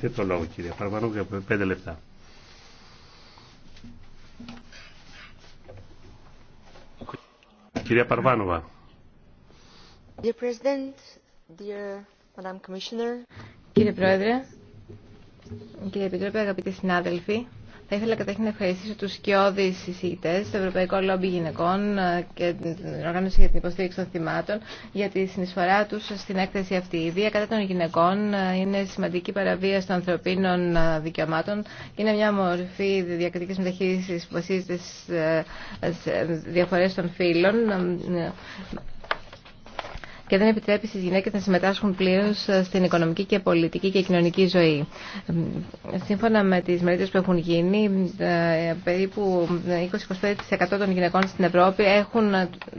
Έχετε το λόγο κύριε Παρβανό για πέντε λεπτά. Κυρία Παρβάνοβα. Dear President, dear Madam Commissioner. Κύριε Πρόεδρε, κύριε Επιτρόπε, αγαπητοί συνάδελφοι, θα ήθελα καταρχήν να ευχαριστήσω τους σκιώδει εισηγητές, το Ευρωπαϊκό Λόμπι Γυναικών και την Οργάνωση για την Υποστήριξη των Θυμάτων για τη συνεισφορά τους στην έκθεση αυτή. Η βία κατά των γυναικών είναι σημαντική παραβίαση των ανθρωπίνων δικαιωμάτων. Είναι μια μορφή διακριτική μεταχείρισης που βασίζεται στι ε, διαφορέ των φύλων και δεν επιτρέπει στις γυναίκες να συμμετάσχουν πλήρως ε, στην οικονομική και πολιτική και κοινωνική ζωή. Ε, σύμφωνα με τις μελέτες που έχουν γίνει, ε, περίπου 20-25% των γυναικών στην Ευρώπη έχουν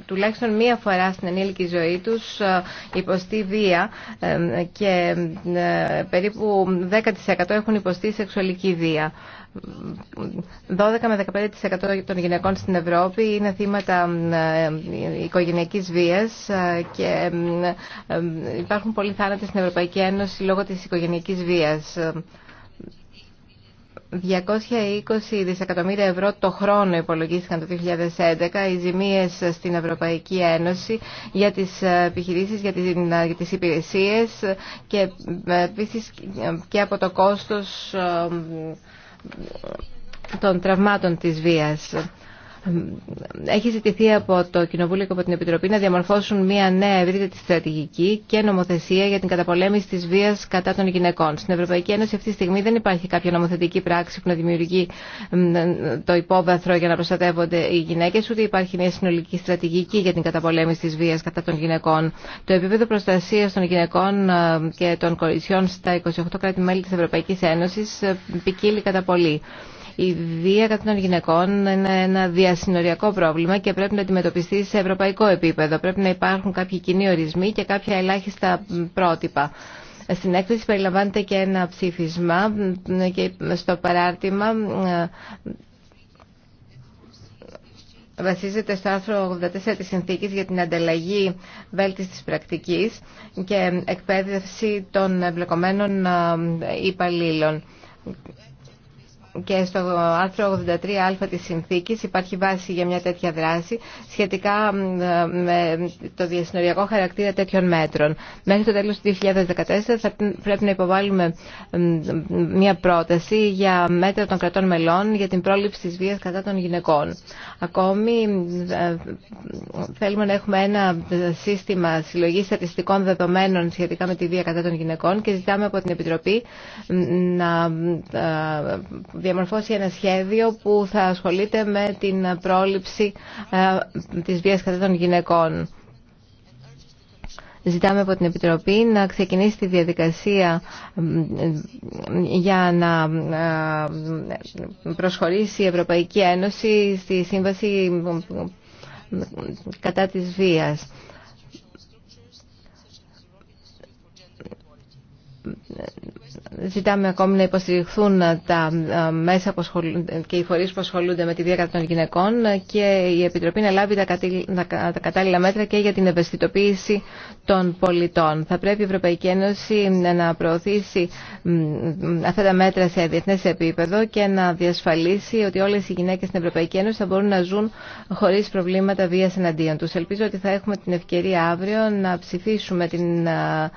τουλάχιστον μία φορά στην ενήλικη ζωή τους υποστεί βία και περίπου 10% έχουν υποστεί σεξουαλική βία. 12 με 15% των γυναικών στην Ευρώπη είναι θύματα ε, οικογενειακής βίας ε, και ε, υπάρχουν πολλοί θάνατοι στην Ευρωπαϊκή Ένωση λόγω της οικογενειακής βίας. 220 δισεκατομμύρια ευρώ το χρόνο υπολογίστηκαν το 2011 οι ζημίες στην Ευρωπαϊκή Ένωση για τις επιχειρήσεις, για τις υπηρεσίες και επίσης και από το κόστος των τραυμάτων της βίας έχει ζητηθεί από το Κοινοβούλιο και από την Επιτροπή να διαμορφώσουν μια νέα ευρύτερη στρατηγική και νομοθεσία για την καταπολέμηση τη βία κατά των γυναικών. Στην Ευρωπαϊκή Ένωση αυτή τη στιγμή δεν υπάρχει κάποια νομοθετική πράξη που να δημιουργεί το υπόβαθρο για να προστατεύονται οι γυναίκε, ούτε υπάρχει μια συνολική στρατηγική για την καταπολέμηση τη βία κατά των γυναικών. Το επίπεδο προστασία των γυναικών και των κοριτσιών στα 28 κράτη-μέλη τη Ευρωπαϊκή Ένωση ποικίλει κατά πολύ. Η βία κατά των γυναικών είναι ένα διασυνοριακό πρόβλημα και πρέπει να αντιμετωπιστεί σε ευρωπαϊκό επίπεδο. Πρέπει να υπάρχουν κάποιοι κοινοί ορισμοί και κάποια ελάχιστα πρότυπα. Στην έκθεση περιλαμβάνεται και ένα ψήφισμα και στο παράρτημα ε, βασίζεται στο άρθρο 84 της Συνθήκης για την ανταλλαγή βέλτιστης πρακτικής και εκπαίδευση των εμπλεκομένων ε, υπαλλήλων και στο άρθρο 83α της συνθήκης υπάρχει βάση για μια τέτοια δράση σχετικά με το διασυνοριακό χαρακτήρα τέτοιων μέτρων. Μέχρι το τέλος του 2014 θα πρέπει να υποβάλουμε μια πρόταση για μέτρα των κρατών μελών για την πρόληψη της βίας κατά των γυναικών. Ακόμη ε, θέλουμε να έχουμε ένα ε, σύστημα συλλογής στατιστικών δεδομένων σχετικά με τη βία κατά των γυναικών και ζητάμε από την Επιτροπή να ε, διαμορφώσει ένα σχέδιο που θα ασχολείται με την πρόληψη ε, της βίας κατά των γυναικών. Ζητάμε από την Επιτροπή να ξεκινήσει τη διαδικασία για να ε, προσχωρήσει η Ευρωπαϊκή Ένωση στη Σύμβαση κατά της βίας. Ζητάμε ακόμη να υποστηριχθούν τα ε, μέσα και οι φορείς που ασχολούνται με τη βία των γυναικών και η Επιτροπή να λάβει τα κατάλληλα μέτρα και για την ευαισθητοποίηση των πολιτών. Θα πρέπει η Ευρωπαϊκή Ένωση να προωθήσει αυτά τα μέτρα σε διεθνές επίπεδο και να διασφαλίσει ότι όλες οι γυναίκες στην Ευρωπαϊκή Ένωση θα μπορούν να ζουν χωρίς προβλήματα βίας εναντίον τους. Ελπίζω ότι θα έχουμε την ευκαιρία αύριο να ψηφίσουμε την ε,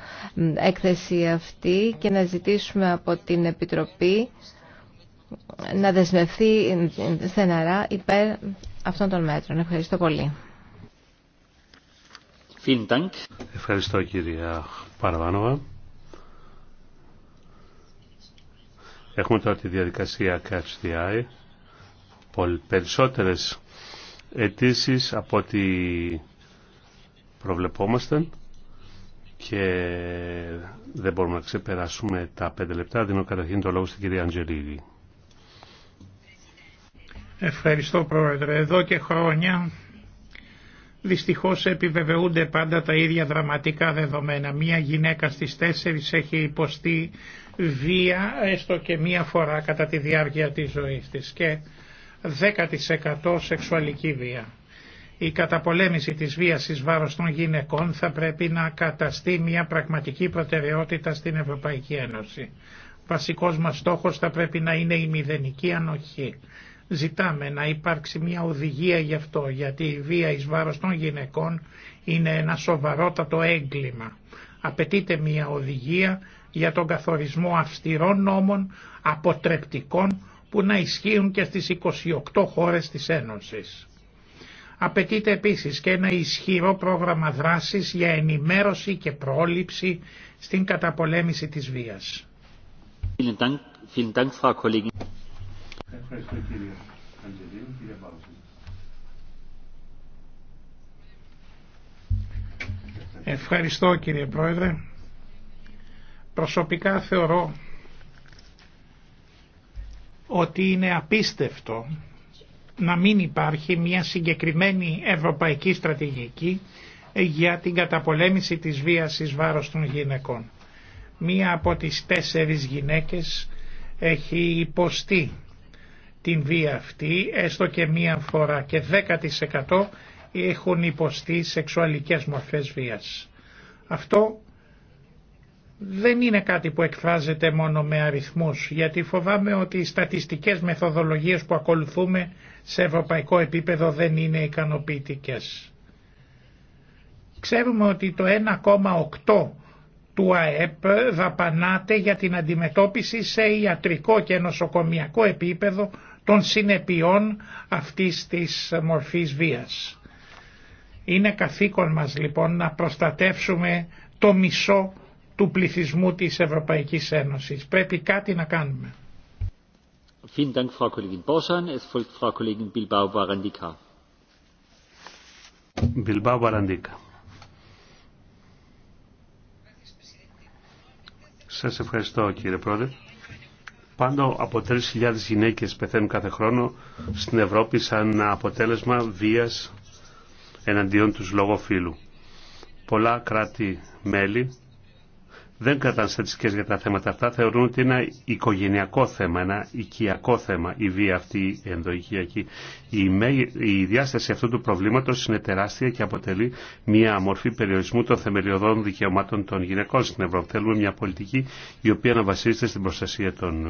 έκθεση αυτή και να ζητήσουμε από την Επιτροπή να δεσμευθεί στεναρά υπέρ αυτών των μέτρων. Ευχαριστώ πολύ. Ευχαριστώ κυρία Παραβάνοβα. Έχουμε τώρα τη διαδικασία KFCI. Περισσότερες αιτήσει από ό,τι προβλεπόμασταν και δεν μπορούμε να ξεπεράσουμε τα πέντε λεπτά. Δίνω καταρχήν το λόγο στην κυρία Αντζελίδη. Ευχαριστώ Πρόεδρε. Εδώ και χρόνια δυστυχώς επιβεβαιούνται πάντα τα ίδια δραματικά δεδομένα. Μία γυναίκα στις τέσσερις έχει υποστεί βία έστω και μία φορά κατά τη διάρκεια της ζωής της και 10% σεξουαλική βία. Η καταπολέμηση της βίας εις βάρος των γυναικών θα πρέπει να καταστεί μια πραγματική προτεραιότητα στην Ευρωπαϊκή Ένωση. Βασικός μας στόχος θα πρέπει να είναι η μηδενική ανοχή. Ζητάμε να υπάρξει μια οδηγία γι' αυτό, γιατί η βία εις βάρος των γυναικών είναι ένα σοβαρότατο έγκλημα. Απαιτείται μια οδηγία για τον καθορισμό αυστηρών νόμων, αποτρεπτικών, που να ισχύουν και στις 28 χώρες της Ένωσης. Απαιτείται επίσης και ένα ισχυρό πρόγραμμα δράσης για ενημέρωση και πρόληψη στην καταπολέμηση της βίας. Ευχαριστώ κύριε κύριε Πρόεδρε. Προσωπικά θεωρώ ότι είναι απίστευτο να μην υπάρχει μια συγκεκριμένη ευρωπαϊκή στρατηγική για την καταπολέμηση της βίας εις βάρος των γυναικών. Μία από τις τέσσερις γυναίκες έχει υποστεί την βία αυτή έστω και μία φορά και 10% έχουν υποστεί σεξουαλικές μορφές βίας. Αυτό δεν είναι κάτι που εκφράζεται μόνο με αριθμούς, γιατί φοβάμαι ότι οι στατιστικές μεθοδολογίες που ακολουθούμε σε ευρωπαϊκό επίπεδο δεν είναι ικανοποιητικές. Ξέρουμε ότι το 1,8 του ΑΕΠ δαπανάται για την αντιμετώπιση σε ιατρικό και νοσοκομιακό επίπεδο των συνεπειών αυτής της μορφής βίας. Είναι καθήκον μας λοιπόν να προστατεύσουμε το μισό του πληθυσμού της Ευρωπαϊκής Ένωσης. Πρέπει κάτι να κάνουμε. Σα ευχαριστώ κύριε Πρόεδρε. Πάνω από 3.000 γυναίκε πεθαίνουν κάθε χρόνο στην Ευρώπη σαν αποτέλεσμα βία εναντίον του λόγω φύλου. Πολλά κράτη-μέλη δεν κρατάνε στατιστικέ για τα θέματα αυτά, θεωρούν ότι είναι ένα οικογενειακό θέμα, ένα οικιακό θέμα η βία αυτή η ενδοοικιακή. Η, η διάσταση αυτού του προβλήματο είναι τεράστια και αποτελεί μια μορφή περιορισμού των θεμελιωδών δικαιωμάτων των γυναικών στην Ευρώπη. Θέλουμε μια πολιτική η οποία να βασίζεται στην προστασία των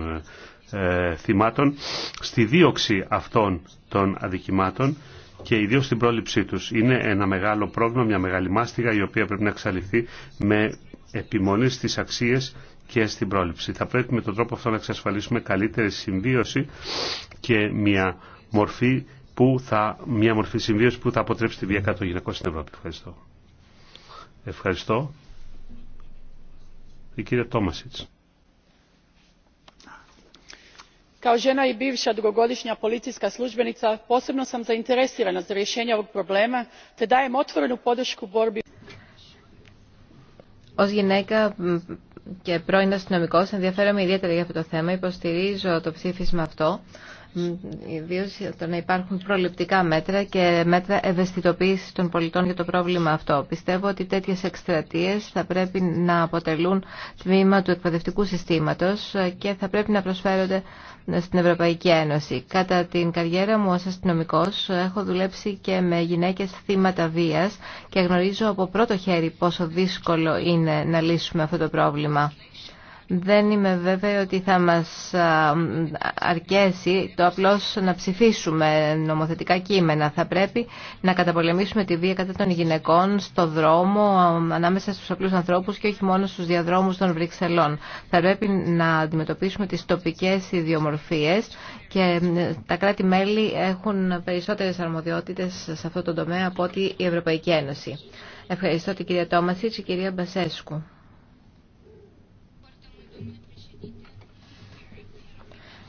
ε, θυμάτων, στη δίωξη αυτών των αδικημάτων και ιδίω στην πρόληψή του. Είναι ένα μεγάλο πρόβλημα, μια μεγάλη μάστιγα η οποία πρέπει να εξαλειφθεί με επιμονή στις αξίες και στην πρόληψη. Θα πρέπει με τον τρόπο αυτό να εξασφαλίσουμε καλύτερη συμβίωση και μια μορφή, που θα, μια μορφή συμβίωση που θα αποτρέψει τη βία κατά των γυναικών στην Ευρώπη. Ευχαριστώ. Ευχαριστώ. Η κυρία Τόμασιτς. Kao žena i bivša dugogodišnja policijska službenica posebno sam zainteresirana za rješenje ovog problema te dajem otvorenu podršku borbi ως γυναίκα και πρώην αστυνομικός ενδιαφέρομαι ιδιαίτερα για αυτό το θέμα. Υποστηρίζω το ψήφισμα αυτό ιδίω το να υπάρχουν προληπτικά μέτρα και μέτρα ευαισθητοποίησης των πολιτών για το πρόβλημα αυτό. Πιστεύω ότι τέτοιες εκστρατείε θα πρέπει να αποτελούν τμήμα του εκπαιδευτικού συστήματος και θα πρέπει να προσφέρονται στην Ευρωπαϊκή Ένωση. Κατά την καριέρα μου ως αστυνομικός έχω δουλέψει και με γυναίκες θύματα βίας και γνωρίζω από πρώτο χέρι πόσο δύσκολο είναι να λύσουμε αυτό το πρόβλημα. Δεν είμαι βέβαιη ότι θα μας αρκέσει το απλώς να ψηφίσουμε νομοθετικά κείμενα. Θα πρέπει να καταπολεμήσουμε τη βία κατά των γυναικών στο δρόμο, ανάμεσα στους απλούς ανθρώπους και όχι μόνο στους διαδρόμους των Βρυξελών. Θα πρέπει να αντιμετωπίσουμε τις τοπικές ιδιομορφίες και τα κράτη-μέλη έχουν περισσότερες αρμοδιότητες σε αυτό το τομέα από ότι η Ευρωπαϊκή Ένωση. Ευχαριστώ την κυρία Τόμασιτς και κυρία Μπασέσκου.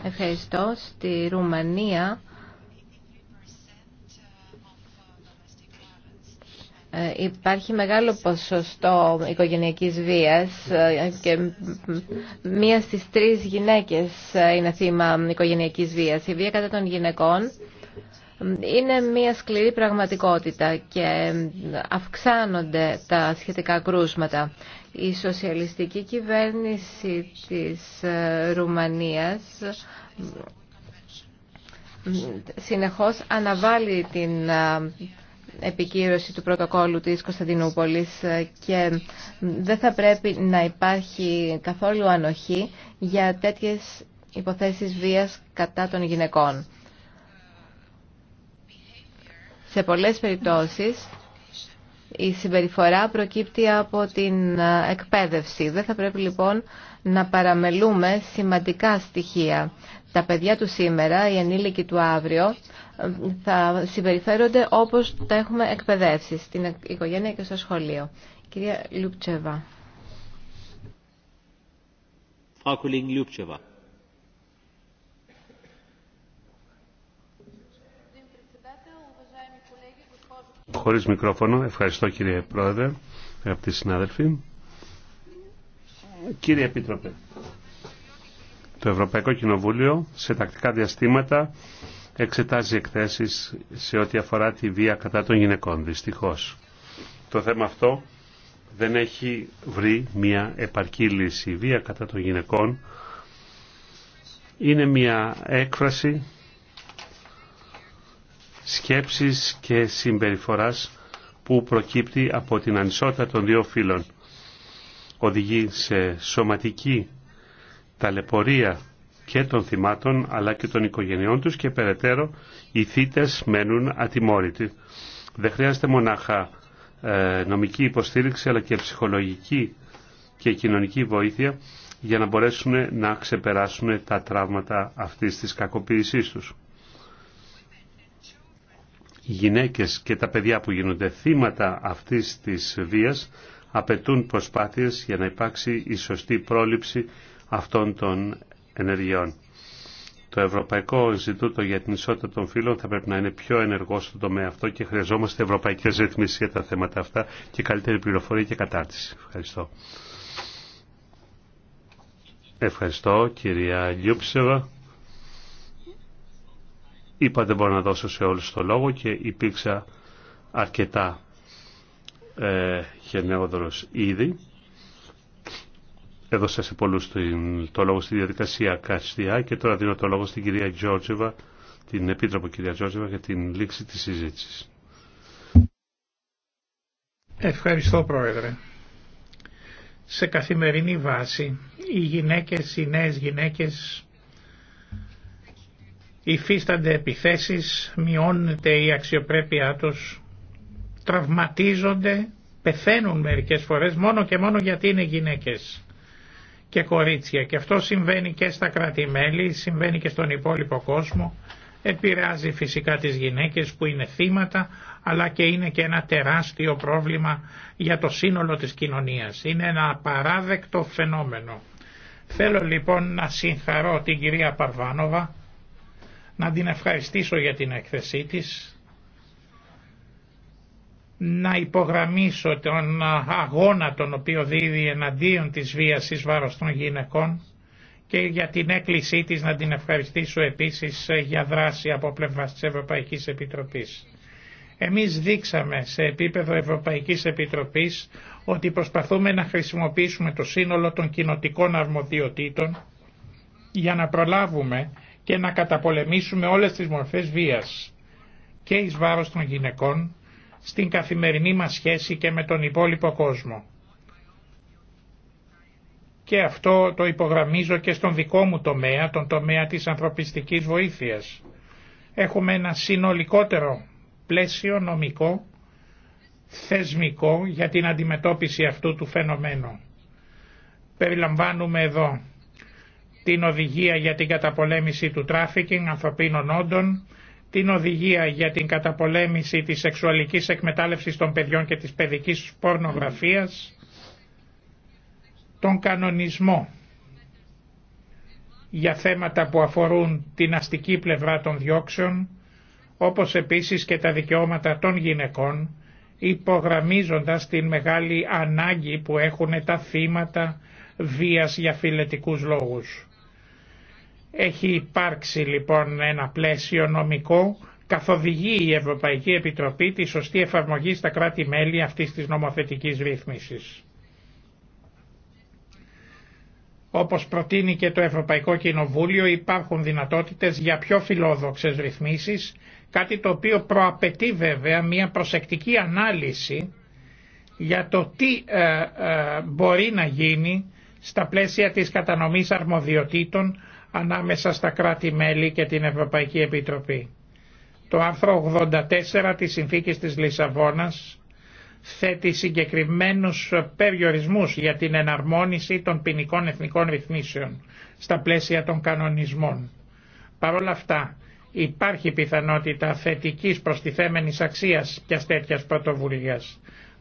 Ευχαριστώ. Στη Ρουμανία ε, υπάρχει μεγάλο ποσοστό οικογενειακής βίας ε, και μία στις τρεις γυναίκες ε, είναι θύμα οικογενειακής βίας. Η βία κατά των γυναικών είναι μια σκληρή πραγματικότητα και αυξάνονται τα σχετικά κρούσματα. Η σοσιαλιστική κυβέρνηση της ε, Ρουμανίας συνεχώς αναβάλει την ε, επικύρωση του πρωτοκόλου της Κωνσταντινούπολης ε, και δεν θα πρέπει να υπάρχει καθόλου ανοχή για τέτοιες υποθέσεις βίας κατά των γυναικών. Σε πολλές περιπτώσεις η συμπεριφορά προκύπτει από την ε, εκπαίδευση. Δεν θα πρέπει λοιπόν να παραμελούμε σημαντικά στοιχεία. Τα παιδιά του σήμερα, οι ενήλικοι του αύριο, θα συμπεριφέρονται όπως τα έχουμε εκπαιδεύσει στην οικογένεια και στο σχολείο. Κυρία Λουπτσεβά. Χωρίς μικρόφωνο. Ευχαριστώ κύριε Πρόεδρε, αγαπητοί συνάδελφοι. Κύριε Επίτροπε, το Ευρωπαϊκό Κοινοβούλιο σε τακτικά διαστήματα εξετάζει εκθέσεις σε ό,τι αφορά τη βία κατά των γυναικών, δυστυχώς. Το θέμα αυτό δεν έχει βρει μια επαρκή λύση. Η βία κατά των γυναικών είναι μια έκφραση Σκέψεις και συμπεριφοράς που προκύπτει από την ανισότητα των δύο φύλων. Οδηγεί σε σωματική ταλαιπωρία και των θυμάτων αλλά και των οικογενειών τους και περαιτέρω οι θύτες μένουν ατιμόρυτοι. Δεν χρειάζεται μονάχα ε, νομική υποστήριξη αλλά και ψυχολογική και κοινωνική βοήθεια για να μπορέσουν να ξεπεράσουν τα τραύματα αυτής της κακοποίησής τους. Οι γυναίκες και τα παιδιά που γίνονται θύματα αυτής της βίας απαιτούν προσπάθειες για να υπάρξει η σωστή πρόληψη αυτών των ενεργειών. Το Ευρωπαϊκό Ινστιτούτο για την Ισότητα των Φύλων θα πρέπει να είναι πιο ενεργό στον τομέα αυτό και χρειαζόμαστε ευρωπαϊκέ ρυθμίσει για τα θέματα αυτά και καλύτερη πληροφορία και κατάρτιση. Ευχαριστώ. Ευχαριστώ κυρία Λιούψεβα. Είπα δεν μπορώ να δώσω σε όλους το λόγο και υπήρξα αρκετά ε, γενναιόδωρος ήδη. Έδωσα σε πολλούς το λόγο στη διαδικασία ΚΑΣΤΙΑ και τώρα δίνω το λόγο στην κυρία Γιώργεβα, την Επίτροπο κυρία Γιώργεβα για την λήξη της συζήτησης. Ευχαριστώ Πρόεδρε. Σε καθημερινή βάση οι γυναίκες, οι νέες γυναίκες υφίστανται επιθέσεις, μειώνεται η αξιοπρέπειά τους, τραυματίζονται, πεθαίνουν μερικές φορές μόνο και μόνο γιατί είναι γυναίκες και κορίτσια. Και αυτό συμβαίνει και στα κράτη-μέλη, συμβαίνει και στον υπόλοιπο κόσμο. Επηρεάζει φυσικά τις γυναίκες που είναι θύματα, αλλά και είναι και ένα τεράστιο πρόβλημα για το σύνολο της κοινωνίας. Είναι ένα απαράδεκτο φαινόμενο. Θέλω λοιπόν να συγχαρώ την κυρία Παρβάνοβα, να την ευχαριστήσω για την έκθεσή της, να υπογραμμίσω τον αγώνα τον οποίο δίδει εναντίον της βίας εις βάρος των γυναικών και για την έκκλησή της να την ευχαριστήσω επίσης ε, για δράση από πλευράς της Ευρωπαϊκής Επιτροπής. Εμείς δείξαμε σε επίπεδο Ευρωπαϊκής Επιτροπής ότι προσπαθούμε να χρησιμοποιήσουμε το σύνολο των κοινοτικών αρμοδιοτήτων για να προλάβουμε και να καταπολεμήσουμε όλες τις μορφές βίας και εις βάρος των γυναικών στην καθημερινή μας σχέση και με τον υπόλοιπο κόσμο. Και αυτό το υπογραμμίζω και στον δικό μου τομέα, τον τομέα της ανθρωπιστικής βοήθειας. Έχουμε ένα συνολικότερο πλαίσιο νομικό, θεσμικό για την αντιμετώπιση αυτού του φαινομένου. Περιλαμβάνουμε εδώ την οδηγία για την καταπολέμηση του τράφικινγκ ανθρωπίνων όντων, την οδηγία για την καταπολέμηση της σεξουαλικής εκμετάλλευσης των παιδιών και της παιδικής πορνογραφίας, τον κανονισμό για θέματα που αφορούν την αστική πλευρά των διώξεων, όπως επίσης και τα δικαιώματα των γυναικών, υπογραμμίζοντας την μεγάλη ανάγκη που έχουν τα θύματα βίας για φιλετικούς λόγους. Έχει υπάρξει λοιπόν ένα πλαίσιο νομικό, καθοδηγεί η Ευρωπαϊκή Επιτροπή τη σωστή εφαρμογή στα κράτη-μέλη αυτής της νομοθετικής ρύθμισης. Όπως προτείνει και το Ευρωπαϊκό Κοινοβούλιο υπάρχουν δυνατότητες για πιο φιλόδοξες ρυθμίσεις, κάτι το οποίο προαπαιτεί βέβαια μια προσεκτική ανάλυση για το τι ε, ε, μπορεί να γίνει στα πλαίσια της κατανομής αρμοδιοτήτων ανάμεσα στα κράτη-μέλη και την Ευρωπαϊκή Επιτροπή. Το άρθρο 84 της Συνθήκης της Λισαβόνας θέτει συγκεκριμένους περιορισμούς για την εναρμόνιση των ποινικών εθνικών ρυθμίσεων στα πλαίσια των κανονισμών. Παρ' όλα αυτά υπάρχει πιθανότητα θετικής προστιθέμενης αξίας και τέτοια πρωτοβουλία.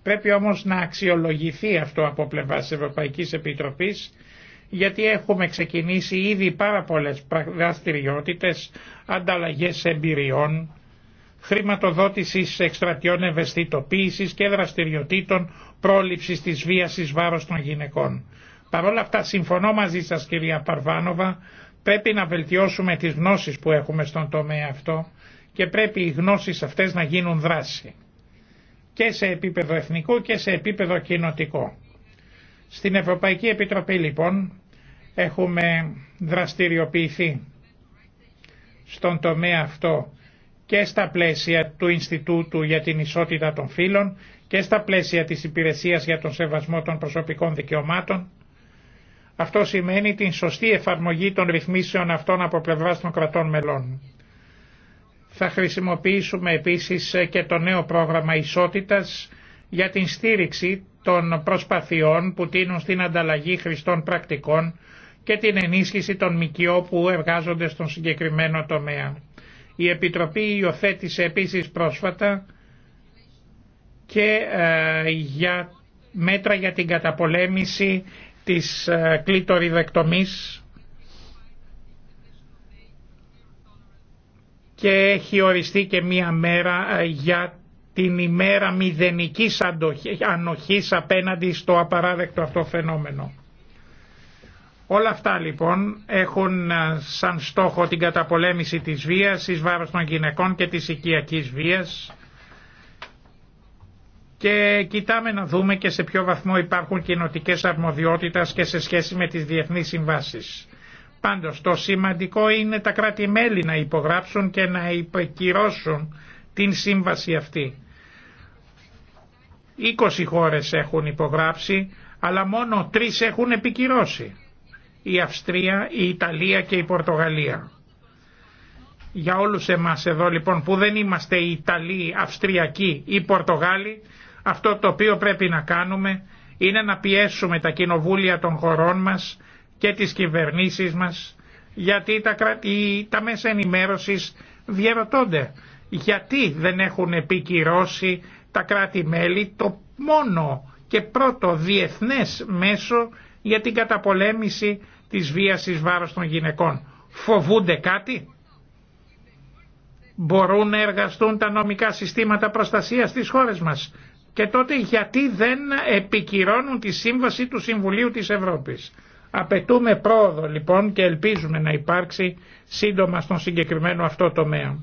Πρέπει όμως να αξιολογηθεί αυτό από πλευράς Ευρωπαϊκής Επιτροπής γιατί έχουμε ξεκινήσει ήδη πάρα πολλές δραστηριότητες, ανταλλαγές εμπειριών, χρηματοδότησης εκστρατιών ευαισθητοποίηση και δραστηριοτήτων πρόληψης της βίας εις βάρος των γυναικών. Παρ' όλα αυτά συμφωνώ μαζί σας κυρία Παρβάνοβα, πρέπει να βελτιώσουμε τις γνώσεις που έχουμε στον τομέα αυτό και πρέπει οι γνώσεις αυτές να γίνουν δράση και σε επίπεδο εθνικό και σε επίπεδο κοινοτικό. Στην Ευρωπαϊκή Επιτροπή λοιπόν έχουμε δραστηριοποιηθεί στον τομέα αυτό και στα πλαίσια του Ινστιτούτου για την Ισότητα των Φύλων και στα πλαίσια της Υπηρεσίας για τον Σεβασμό των Προσωπικών Δικαιωμάτων. Αυτό σημαίνει την σωστή εφαρμογή των ρυθμίσεων αυτών από πλευράς των κρατών μελών. Θα χρησιμοποιήσουμε επίσης και το νέο πρόγραμμα ισότητας για την στήριξη των προσπαθειών που τίνουν στην ανταλλαγή χρηστών πρακτικών και την ενίσχυση των ΜΚΟ που εργάζονται στον συγκεκριμένο τομέα. Η Επιτροπή υιοθέτησε επίσης πρόσφατα και ε, για μέτρα για την καταπολέμηση της ε, κλειτοριδεκτομής και έχει οριστεί και μία μέρα ε, για την ημέρα μηδενικής ανοχής απέναντι στο απαράδεκτο αυτό φαινόμενο. Όλα αυτά λοιπόν έχουν ε, σαν στόχο την καταπολέμηση της βίας εις βάρος των γυναικών και της οικιακής βίας και κοιτάμε να δούμε και σε ποιο βαθμό υπάρχουν κοινοτικέ αρμοδιότητας και σε σχέση με τις διεθνείς συμβάσεις. Πάντως το σημαντικό είναι τα κράτη-μέλη να υπογράψουν και να υποκυρώσουν την σύμβαση αυτή. 20 χώρες έχουν υπογράψει αλλά μόνο 3 έχουν επικυρώσει η Αυστρία, η Ιταλία και η Πορτογαλία. Για όλους εμάς εδώ λοιπόν που δεν είμαστε Ιταλοί, Αυστριακοί ή Πορτογάλοι, αυτό το οποίο πρέπει να κάνουμε είναι να πιέσουμε τα κοινοβούλια των χωρών μας και τις κυβερνήσεις μας, γιατί τα, τα μέσα ενημέρωσης διαρωτώνται γιατί δεν έχουν επικυρώσει τα κράτη-μέλη το μόνο και πρώτο διεθνές μέσο για την καταπολέμηση της βίας εις βάρος των γυναικών. Φοβούνται κάτι. Μπορούν να εργαστούν τα νομικά συστήματα προστασίας στις χώρες μας. Και τότε γιατί δεν επικυρώνουν τη σύμβαση του Συμβουλίου της Ευρώπης. Απαιτούμε πρόοδο λοιπόν και ελπίζουμε να υπάρξει σύντομα στον συγκεκριμένο αυτό τομέα.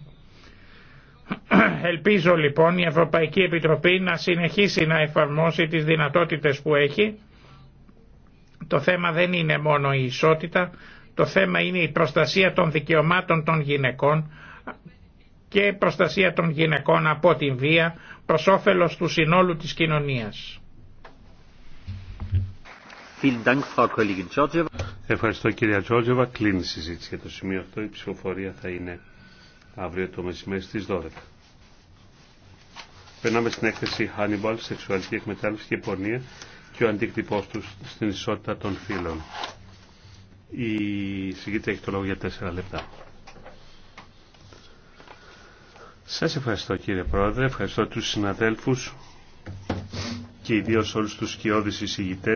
Ελπίζω λοιπόν η Ευρωπαϊκή Επιτροπή να συνεχίσει να εφαρμόσει τις δυνατότητες που έχει το θέμα δεν είναι μόνο η ισότητα, το θέμα είναι η προστασία των δικαιωμάτων των γυναικών και προστασία των γυναικών από την βία προς όφελος του συνόλου της κοινωνίας. Ευχαριστώ κυρία Τζόρτζεβα. Κλείνει η συζήτηση για το σημείο αυτό. Η ψηφοφορία θα είναι αύριο το μεσημέρι στις 12. Περνάμε στην έκθεση Hannibal, σεξουαλική εκμετάλλευση και πορνεία και ο αντίκτυπό του στην ισότητα των φίλων. Η συγκίτρια έχει το λόγο για τέσσερα λεπτά. Σα ευχαριστώ κύριε Πρόεδρε, ευχαριστώ του συναδέλφου και ιδίω όλου του σκιώδεις συγκίτρια.